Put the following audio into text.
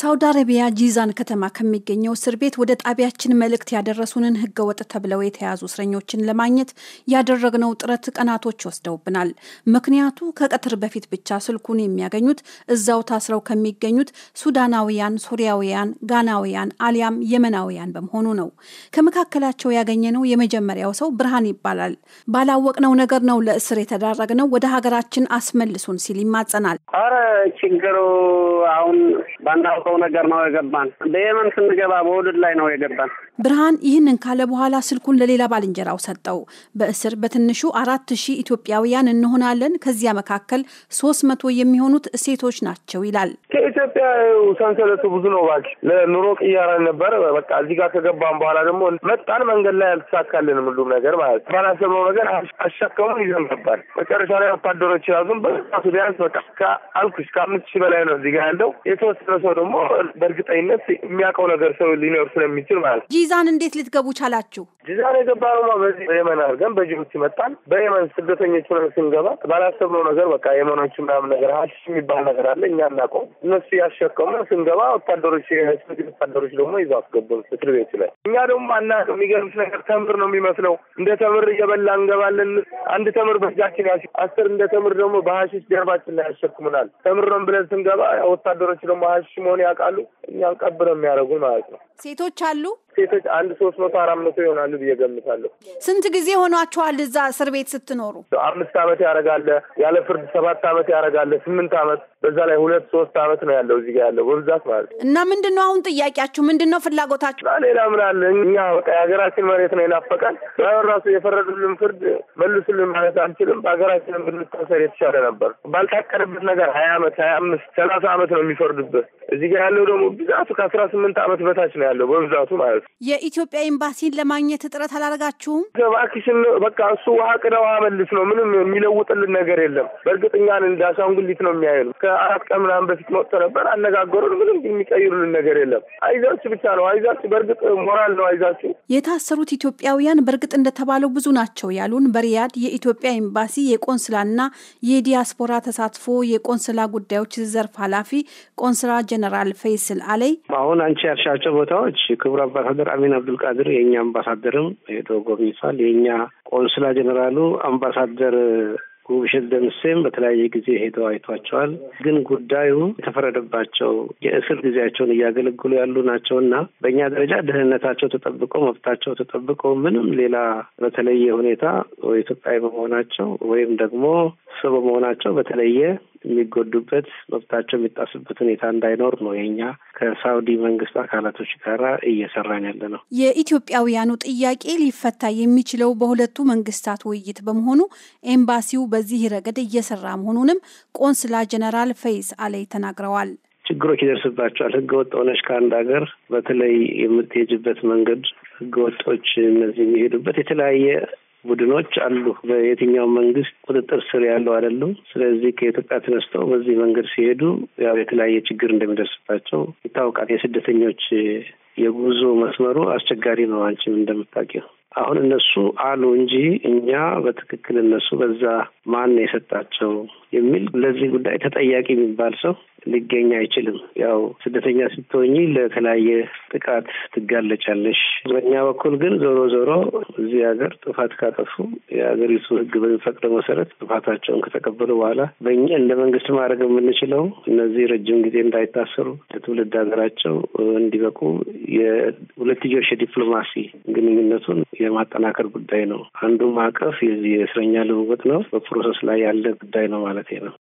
ሳውዲ አረቢያ ጂዛን ከተማ ከሚገኘው እስር ቤት ወደ ጣቢያችን መልእክት ያደረሱንን ህገወጥ ተብለው የተያዙ እስረኞችን ለማግኘት ያደረግነው ጥረት ቀናቶች ወስደውብናል። ምክንያቱ ከቀትር በፊት ብቻ ስልኩን የሚያገኙት እዛው ታስረው ከሚገኙት ሱዳናውያን፣ ሶሪያውያን፣ ጋናውያን አሊያም የመናውያን በመሆኑ ነው። ከመካከላቸው ያገኘነው የመጀመሪያው ሰው ብርሃን ይባላል። ባላወቅነው ነገር ነው ለእስር የተዳረግነው። ወደ ሀገራችን አስመልሱን ሲል ይማጸናል። ችግሩ አሁን ባናውቀው ነገር ነው የገባን። በየመን ስንገባ በውድድ ላይ ነው የገባን። ብርሃን ይህንን ካለ በኋላ ስልኩን ለሌላ ባልንጀራው ሰጠው። በእስር በትንሹ አራት ሺህ ኢትዮጵያውያን እንሆናለን። ከዚያ መካከል ሶስት መቶ የሚሆኑት ሴቶች ናቸው ይላል። ከኢትዮጵያ ሰንሰለቱ ብዙ ነው። ባ ለኑሮ ቅያራ ነበር። በቃ እዚህ ጋር ከገባን በኋላ ደግሞ መጣን። መንገድ ላይ አልተሳካልንም ሁሉም ነገር ማለት ባላሰብነው ነገር አሻከሙን ይዘን ነበር። መጨረሻ ላይ ወታደሮች ያዙን። በሱ ቢያንስ በቃ ከአልኩሽ ከአምስት ሺህ በላይ ነው እዚህ ያለው። የተወሰነ ሰው ደግሞ በእርግጠኝነት የሚያውቀው ነገር ሰው ሊኖር ስለሚችል ማለት ነው። ጂዛን እንዴት ልትገቡ ቻላችሁ? ጂዛን የገባነውማ በዚህ በየመን አድርገን በጅቡቲ መጣን። በየመን ስደተኞች ሆነን ስንገባ ባላሰብነው ነገር በቃ የመኖች ምናምን ነገር ሀሺሽ የሚባል ነገር አለ እኛ እናውቀው። እነሱ ያሸከሙ ስንገባ ወታደሮች፣ ወታደሮች ደግሞ ይዘው አስገቡን እስር ቤት ላይ እኛ ደግሞ አናውቅ። የሚገርምሽ ነገር ተምር ነው የሚመስለው። እንደ ተምር እየበላ እንገባለን። አንድ ተምር በእጃችን ያሽ አስር እንደ ተምር ደግሞ በሀሽሽ ጀርባችን ላይ ያሸክሙናል። ተምር ነው ብለን ስንገባ ወታደሮች ደግሞ ሀሽሽ መሆን ያውቃሉ። እኛን ቀብ ነው የሚያደርጉን ማለት ነው። ሴቶች አሉ ሴቶች አንድ ሶስት መቶ አራት መቶ ይሆናሉ ብዬ ገምታለሁ። ስንት ጊዜ ሆኗችኋል እዛ እስር ቤት ስትኖሩ? አምስት አመት ያደርጋለ ያለ ፍርድ ሰባት አመት ያደርጋለ ስምንት አመት በዛ ላይ ሁለት ሶስት አመት ነው ያለው እዚህ ጋር ያለው በብዛት ማለት ነው። እና ምንድን ነው አሁን ጥያቄያችሁ ምንድን ነው ፍላጎታችሁ? ሌላ ምን አለ? እኛ በቃ የሀገራችን መሬት ነው የናፈቀን። ራሱ የፈረዱልን ፍርድ መልሱልን ማለት አንችልም። በሀገራችን ብንታሰር የተሻለ ነበር። ባልታቀደበት ነገር ሀያ አመት ሀያ አምስት ሰላሳ አመት ነው የሚፈርዱበት። እዚህ ጋር ያለው ደግሞ ብዛቱ ከአስራ ስምንት አመት በታች ነው ያለው በብዛቱ ማለት ነው። የኢትዮጵያ ኤምባሲን ለማግኘት እጥረት አላደርጋችሁም? እባክሽን በቃ እሱ ውሃ ቅዳ ውሃ መልስ ነው። ምንም የሚለውጥልን ነገር የለም። በእርግጥ እኛን እንደ አሻንጉሊት ነው የሚያየሉ ከአራት ቀን ምናምን በፊት መጥቶ ነበር። አነጋገሩን ምንም የሚቀይሩልን ነገር የለም። አይዛችሁ ብቻ ነው አይዛችሁ። በእርግጥ ሞራል ነው አይዛችሁ የታሰሩት ኢትዮጵያውያን በእርግጥ እንደተባለው ብዙ ናቸው ያሉን በሪያድ የኢትዮጵያ ኤምባሲ የቆንስላና የዲያስፖራ ተሳትፎ የቆንስላ ጉዳዮች ዘርፍ ኃላፊ ቆንስላ ጀነራል ፈይስል አለይ አሁን አንቺ ያልሻቸው ቦታዎች ክቡር አምባሳደር አሚን አብዱልቃድር የእኛ አምባሳደርም ሄዶ ጎብኝቷል። የእኛ ቆንስላ ጀነራሉ አምባሳደር ውብሸት ደምሴም በተለያየ ጊዜ ሄደው አይቷቸዋል። ግን ጉዳዩ የተፈረደባቸው የእስር ጊዜያቸውን እያገለግሉ ያሉ ናቸው እና በእኛ ደረጃ ደህንነታቸው ተጠብቆ መብታቸው ተጠብቆ ምንም ሌላ በተለየ ሁኔታ ወይ ኢትዮጵያዊ በመሆናቸው ወይም ደግሞ ሰው በመሆናቸው በተለየ የሚጎዱበት መብታቸው የሚጣስበት ሁኔታ እንዳይኖር ነው የኛ ከሳውዲ መንግስት አካላቶች ጋር እየሰራን ያለ ነው። የኢትዮጵያውያኑ ጥያቄ ሊፈታ የሚችለው በሁለቱ መንግስታት ውይይት በመሆኑ ኤምባሲው በዚህ ረገድ እየሰራ መሆኑንም ቆንስላ ጀነራል ፈይስ አለይ ተናግረዋል። ችግሮች ይደርስባቸዋል። ህገወጥ ሆነች ከአንድ ሀገር በተለይ የምትሄጅበት መንገድ ህገወጦች እነዚህ የሚሄዱበት የተለያየ ቡድኖች አሉ። በየትኛው መንግስት ቁጥጥር ስር ያለው አይደሉም። ስለዚህ ከኢትዮጵያ ተነስተው በዚህ መንገድ ሲሄዱ ያው የተለያየ ችግር እንደሚደርስባቸው ይታወቃል። የስደተኞች የጉዞ መስመሩ አስቸጋሪ ነው። አንቺም እንደምታውቂው አሁን እነሱ አሉ እንጂ እኛ በትክክል እነሱ በዛ ማን የሰጣቸው የሚል ለዚህ ጉዳይ ተጠያቂ የሚባል ሰው ሊገኝ አይችልም። ያው ስደተኛ ስትሆኝ ለተለያየ ጥቃት ትጋለጫለሽ። በእኛ በኩል ግን ዞሮ ዞሮ እዚህ ሀገር ጥፋት ካጠፉ የሀገሪቱ ሕግ በሚፈቅደው መሰረት ጥፋታቸውን ከተቀበሉ በኋላ በእኛ እንደ መንግስት ማድረግ የምንችለው እነዚህ ረጅም ጊዜ እንዳይታሰሩ ለትውልድ ሀገራቸው እንዲበቁ የሁለትዮሽ የዲፕሎማሲ ግንኙነቱን የማጠናከር ጉዳይ ነው። አንዱ ማዕቀፍ የዚህ የእስረኛ ልውውጥ ነው። በፕሮሰስ ላይ ያለ ጉዳይ ነው ማለት ነው።